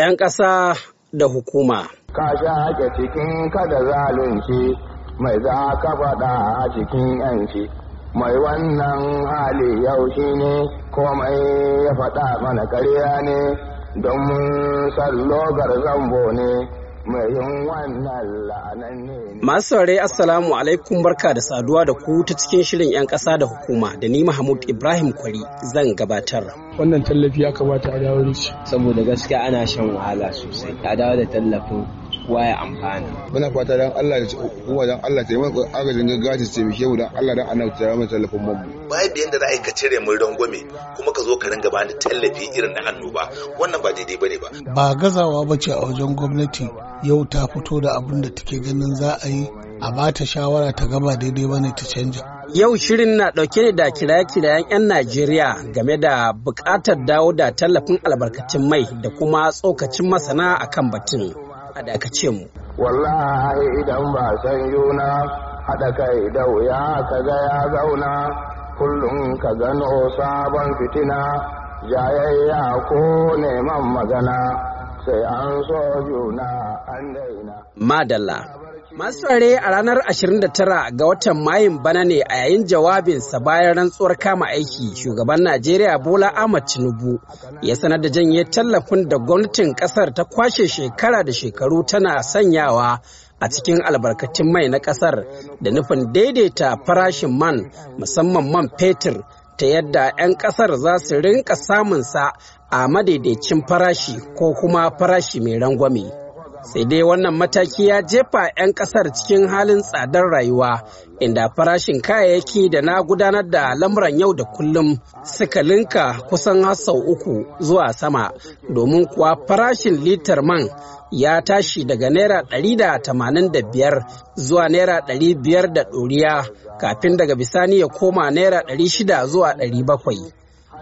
'yan ƙasa da hukuma. Ka sha ake cikin kada zalunci mai za ka faɗa a cikin 'yanci. Mai wannan hali yau shi ne komai ya faɗa mana karya ne don mun logar zambo ne. Masu saurare Assalamu alaikum barka da saduwa da ku ta cikin shirin 'yan ƙasa da hukuma da ni Mahmud Ibrahim Kwari zan gabatar. Wannan tallafi ya kamata a dawo da shi. Saboda gaskiya ana shan wahala sosai. A dawo da tallafin kowa ya amfana muna fata dan Allah ci kuma dan Allah ta yi mana agajin gaggawa ta taimake mu dan Allah dan annabi ta yi mana tallafin mu bayan da yanda za a yi ka cire mun rangwame kuma ka zo ka ringa bani tallafi irin na ba, wannan ba daidai bane ba ba gazawa ba ce a wajen gwamnati yau ta fito da abin da take ganin za a yi a ba ta shawara ta gaba daidai bane ta canja Yau shirin na ɗauke ne da kiraye-kirayen 'yan Najeriya game da buƙatar dawo da tallafin albarkacin mai da kuma tsokacin masana a kan batun. a dakace mu wallahi idan ba san yuna haɗa kai da wuya ka ga ya zauna kullum ka gano sabon fitina jayayya ko neman magana sai an so yuna an daina madalla Masu a ranar 29 ga watan Mayun bana ne a yayin jawabinsa bayan rantsuwar kama aiki shugaban Najeriya Bola Ahmad Tinubu ya sanar da janye tallafin da gwamnatin kasar ta kwashe shekara da shekaru tana sanyawa a cikin albarkatun mai na kasar da nufin daidaita farashin man musamman man fetur ta yadda 'yan kasar za su rinka samunsa a madaidaicin farashi ko kuma farashi mai rangwame. sai dai wannan mataki ya jefa 'yan kasar cikin halin tsadar rayuwa inda farashin kayayyaki da na gudanar da lamuran yau da kullum suka linka kusan sau uku zuwa sama domin kuwa farashin litar man ya tashi daga naira 185 zuwa naira 500 da ɗoriya kafin daga bisani ya koma naira 600 zuwa 700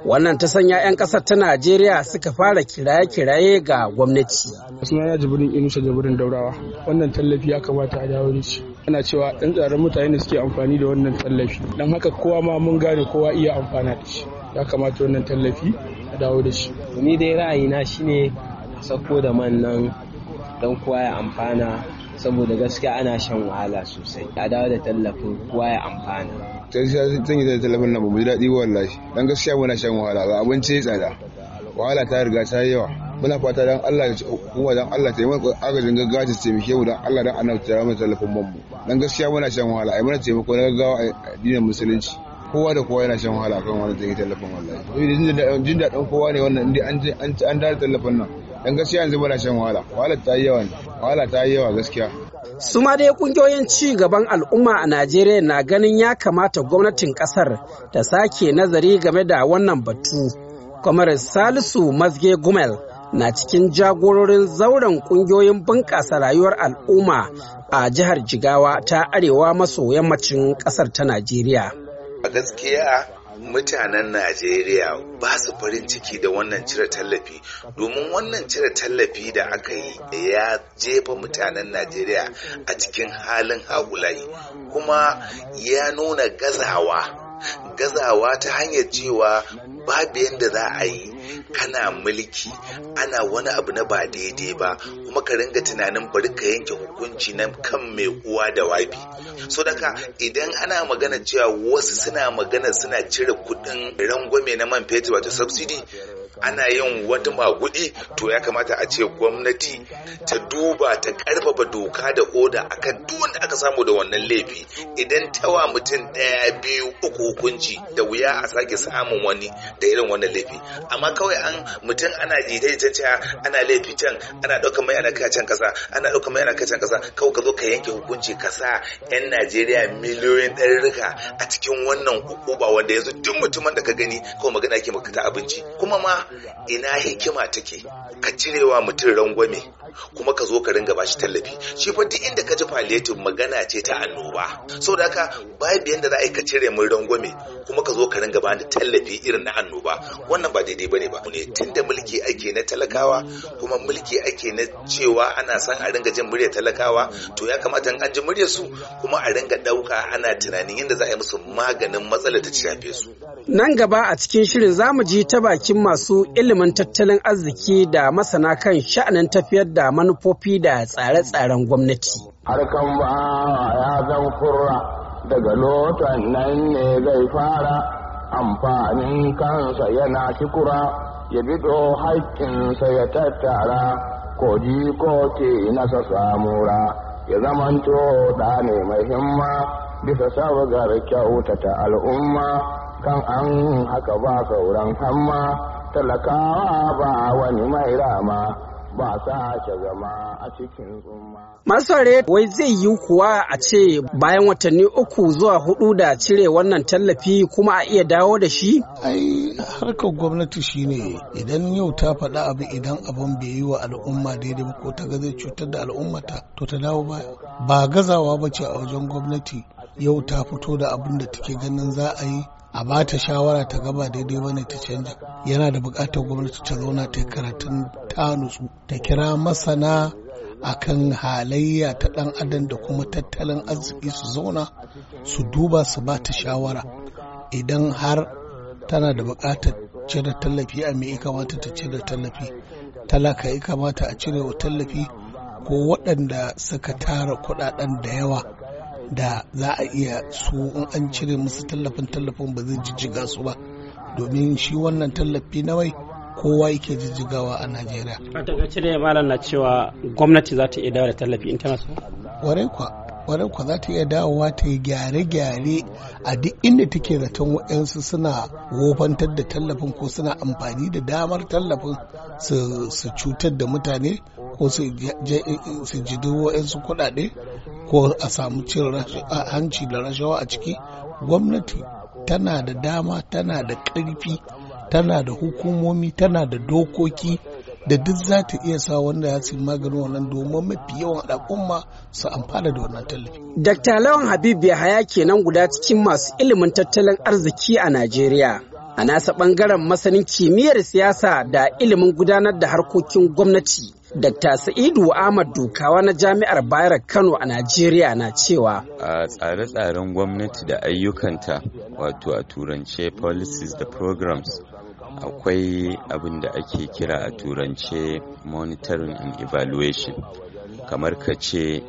Wannan ta sanya 'yan ƙasar ta Najeriya suka fara kiraye-kiraye ga gwamnati. ya jibirin Inusa jibirin Daurawa. Wannan tallafi ya kamata a dawo da shi. Ana cewa ɗan tsaron mutane suke amfani da wannan tallafi. Don haka kowa ma mun gane kowa iya amfana da shi. Ya kamata wannan tallafi a dawo da shi. Ni dai na shine sako da man nan don kowa ya amfana saboda gaskiya ana shan wahala sosai a dawo da tallafin kowa ya amfana gaskiya zan yi da tallafin nan babu mu ji daɗi wallahi dan gaskiya muna shan wahala ba abinci tsada wahala ta riga ta yi yawa muna fata dan Allah ya kuma dan Allah ta yi mana agajin gaggawa ta taimake mu dan Allah dan ana ta mu tallafin mu dan gaskiya muna shan wahala ai mana taimako na gaggawa a addinin musulunci kowa da kowa yana shan wahala kan wannan zai tallafin wallahi jin daɗin kowa ne wannan an an tallafin nan dan gaskiya yanzu bana shan wahala wahala ta yi yawa wahala ta yi yawa gaskiya su ma dai kungiyoyin ci gaban al'umma a Najeriya na ganin ya kamata gwamnatin kasar ta sake nazari game da wannan batu kamar Salisu Mazge Gumel na cikin jagororin zauren kungiyoyin bunƙasa rayuwar al'umma a jihar Jigawa ta arewa maso yammacin ƙasar ta Najeriya. gaskiya mutanen najeriya ba su farin ciki da wannan cire tallafi domin wannan cire tallafi da aka yi ya jefa mutanen najeriya a cikin halin haƙulayi kuma ya nuna gazawa gazawa ta hanyar cewa babu yadda za a yi kana mulki ana wani abu na ba daidai ba kuma ka ringa tunanin bari ka yanke hukunci na kan mai uwa da wafi. so daga idan ana magana cewa wasu suna magana suna cire kuɗin rangwame na man fetur wato subsidy ana yin wata magudi to ya kamata a ce gwamnati ta duba ta karfafa doka da oda akan duk wanda aka samu da wannan laifi idan tawa mutum ɗaya biyu uku hukunci da wuya a sake samun wani da irin wannan laifi amma kawai an mutum ana jita jita ana laifi can ana ɗaukar mai ana can kasa ana ɗaukar mai ana kai can kasa kawai ka zo ka yanke hukunci ka 'yan Najeriya miliyoyin ɗarurruka a cikin wannan ba wanda yanzu duk mutumin da ka gani kawai magana ke makata abinci kuma ma ina hikima take ka cirewa mutum rangwame kuma ka zo ka ringa bashi tallafi shi fa duk inda ka ji palliative magana ce ta annoba saboda haka babu yanda za a yi ka cire mun rangwame kuma ka zo ka ringa bani tallafi irin na annoba wannan ba daidai bane ba ne tunda mulki ake na talakawa kuma mulki ake na cewa ana san a ringa jin murya talakawa to ya kamata an ji muryar su kuma a ringa dauka ana tunanin yadda za a yi musu maganin matsalar ta shafe su Nan gaba a cikin shirin zamu ji ta bakin masu ilimin tattalin arziki da masana kan sha'anin tafiyar da manufofi da tsare-tsaren gwamnati. Harkan ba ya zan kurra daga lotan nan ne zai fara amfanin kansa yana kikura ya bido haƙƙinsa ya tattara ko ji ko ke nasa samura ya zamanto da ne mai himma bisa sabagar kyautata al'umma kan an haka ba sauran hamma talakawa ba wani mai rama ba sace zama a cikin tsumma. Masare wai zai yi kuwa a ce bayan watanni uku zuwa hudu da cire wannan tallafi kuma a iya dawo da shi? Ai harkar gwamnati shine idan yau ta faɗa abu idan abin bai yi wa al'umma daidai ba ko ta ga zai cutar da al'ummata to ta dawo ba ba gazawa ba ce a wajen gwamnati yau ta fito da abin da take ganin za a yi a ba ta shawara ta gaba daidai bane ta canja yana da bukatar gwamnati ta zauna ta karatun ta nutsu ta kira masana a kan halayya ta dan adam da kuma tattalin arziki su zauna su duba su ba ta shawara idan har tana da bukatar cire tallafi a mai ya kamata ta cire tallafi talaka ya kamata a cire wa tallafi ko waɗanda suka tara kuɗaɗen da yawa da za a iya su in an cire musu tallafin tallafin ba zai jijjiga su ba domin shi wannan tallafi na mai kowa yake jijjigawa a najeriya a takaice da malam na cewa gwamnati za ta iya dawo da tallafi in tana so kwarai kwa kwarai kwa za ta iya dawowa ta yi gyare-gyare a duk inda take zaton wa'yansu suna wofantar da tallafin ko suna amfani da damar tallafin su cutar da mutane ko su jidi wa'yansu kudade ko a samu cin hanci da rashawa a ciki gwamnati tana da dama tana da karfi tana da hukumomi tana da dokoki da duk za ta iya sa wanda ya yi maganin wannan domin mafi yawan al'umma su amfana da wannan tallafi. Dr. Lawan Habib Yahaya kenan guda cikin masu ilimin tattalin arziki a Najeriya. A nasa ɓangaren masanin kimiyyar siyasa da ilimin gudanar da harkokin gwamnati, Dr. Sa'idu Ahmad Dukawa na Jami'ar Bayar Kano a Najeriya na cewa. A tsare-tsaren gwamnati da ayyukanta, wato a turance policies da programs, akwai abin da ake kira a turance monitoring and evaluation, kamar ka ce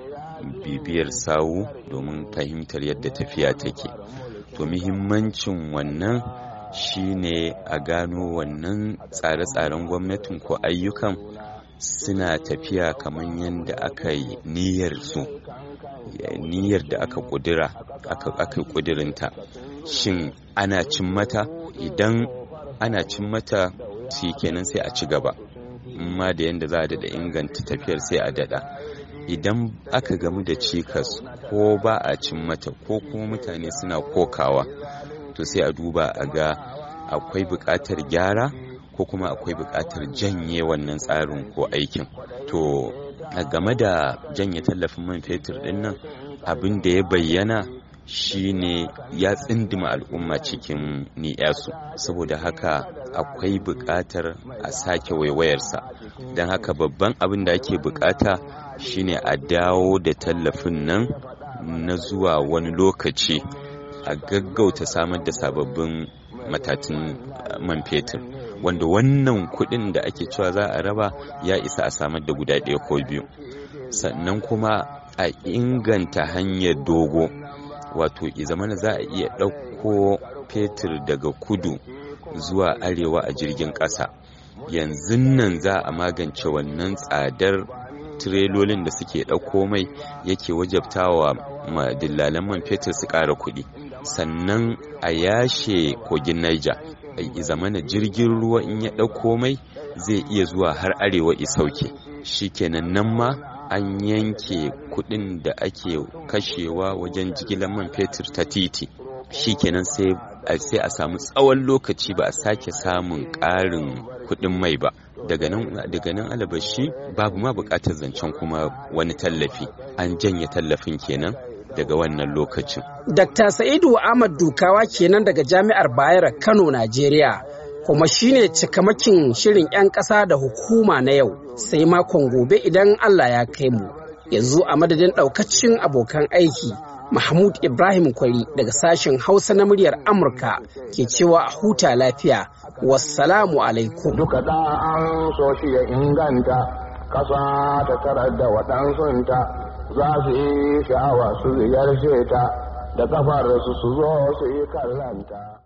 bibiyar sawu domin fahimtar yadda tafiya take. To muhimmancin wannan shine a gano wannan tsare-tsaren gwamnatin ko ayyukan suna tafiya kamar yadda aka yi niyyar su niyyar da aka kudura aka kudirinta shin ana cin mata idan ana cin mata shi kenan sai a ci gaba ma da yadda za a dada inganta tafiyar sai a daɗa idan aka gamu da cikas ko ba a cin mata ko kuma mutane suna kokawa to sai a duba a ga akwai buƙatar gyara ko kuma akwai buƙatar janye wannan tsarin ko aikin to a game da janye tallafin man fetur ɗin nan abin da ya bayyana shine ya tsindima al'umma cikin ni'yasu saboda haka akwai buƙatar a sake waiwayarsa don haka babban abin da ake buƙata shine a dawo da tallafin nan na zuwa wani lokaci a gaggauta samar da sababbin matatan eh, man fetur wanda wannan kuɗin da ake cewa za a raba ya isa a samar da guda ɗaya ko biyu sannan kuma a inganta hanyar dogo wato izamana za a iya ɗauko fetur daga kudu zuwa arewa a jirgin ƙasa yanzu nan za a magance wannan tsadar tirelolin da suke ɗauko mai yake wajabtawa ma dillalan man fetur su ƙara kuɗi sannan a yashe kogin Niger a zamana jirgin ruwa in ya ɗauko mai zai iya zuwa har arewa isauke shikenan nan ma an yanke kuɗin da ake kashewa wajen jigilar man fetur ta titi shikenan sai sai a samu tsawon lokaci ba a sake samun ƙarin kuɗin mai ba daga nan daga alabashi babu ma buƙatar zancen kuma wani tallafi an janye tallafin kenan daga wannan lokacin. Dr. Sa'idu Ahmad Dukawa kenan daga Jami'ar Bayero Kano, Najeriya. Kuma shine cikamakin shirin 'yan ƙasa da hukuma na yau sai makon gobe idan Allah ya kai mu. Yanzu a madadin ɗaukacin abokan aiki, Mahmud Ibrahim Kwari daga sashen Hausa na muryar Amurka ke cewa a huta lafiya. Wassalamu alaikum. Duka an so shi ya inganta, kasa ta tarar da waɗansunta. za su yi sha'awa su ziyarce ta da kafar su su zo su yi kallanta.